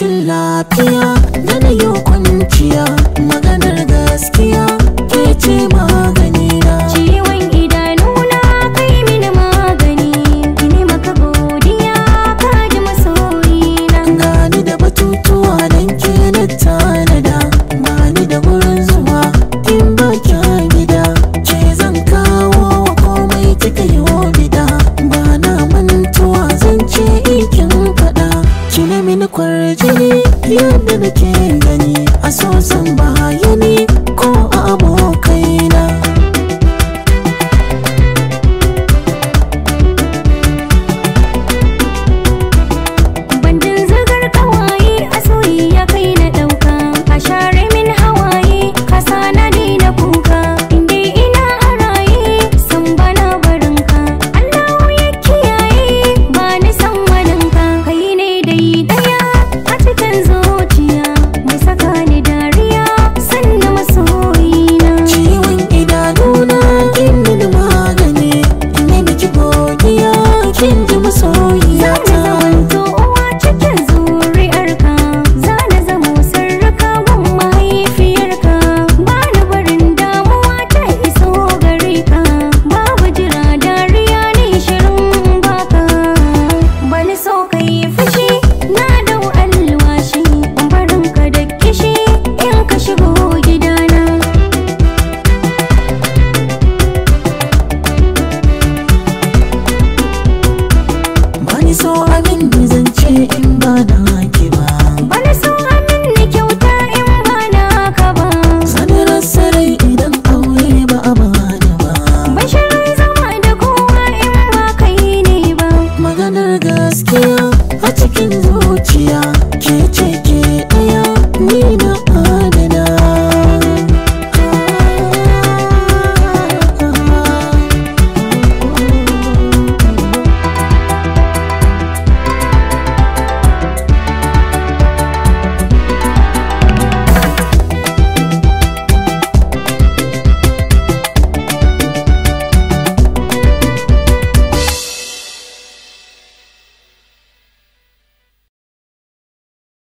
rashin lafiya you never came coração iso abin da zance in